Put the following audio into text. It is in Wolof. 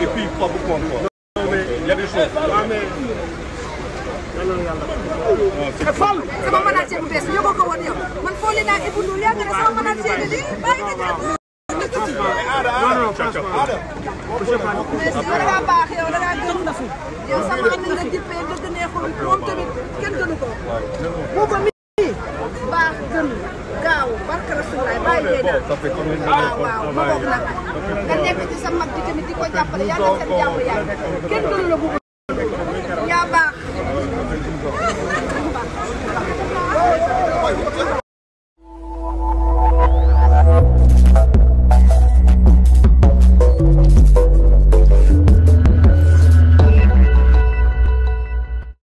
et puis pas beaucoup encore. Non, mais il y a des choses. Ah, mais... Fallu sama manager bu bees bi yóbbu ko woon yow man foole naa Ibou Ndour yaa ngi ne sama manager bi lii bàyyi na jërëjëf. non non franchement. yow da ngaa baax yow da ngaa gën yow sama am na nga jippee dëgg neexul moom tamit kenn gënu ko. barke rasulaay bàyyi ngay daal waaw waaw ma bokk nag nga nekk ci sa mag bi tamit di ko jàppale yàlla seen jàmm yàgg kenn gënu la bëgg yaa baax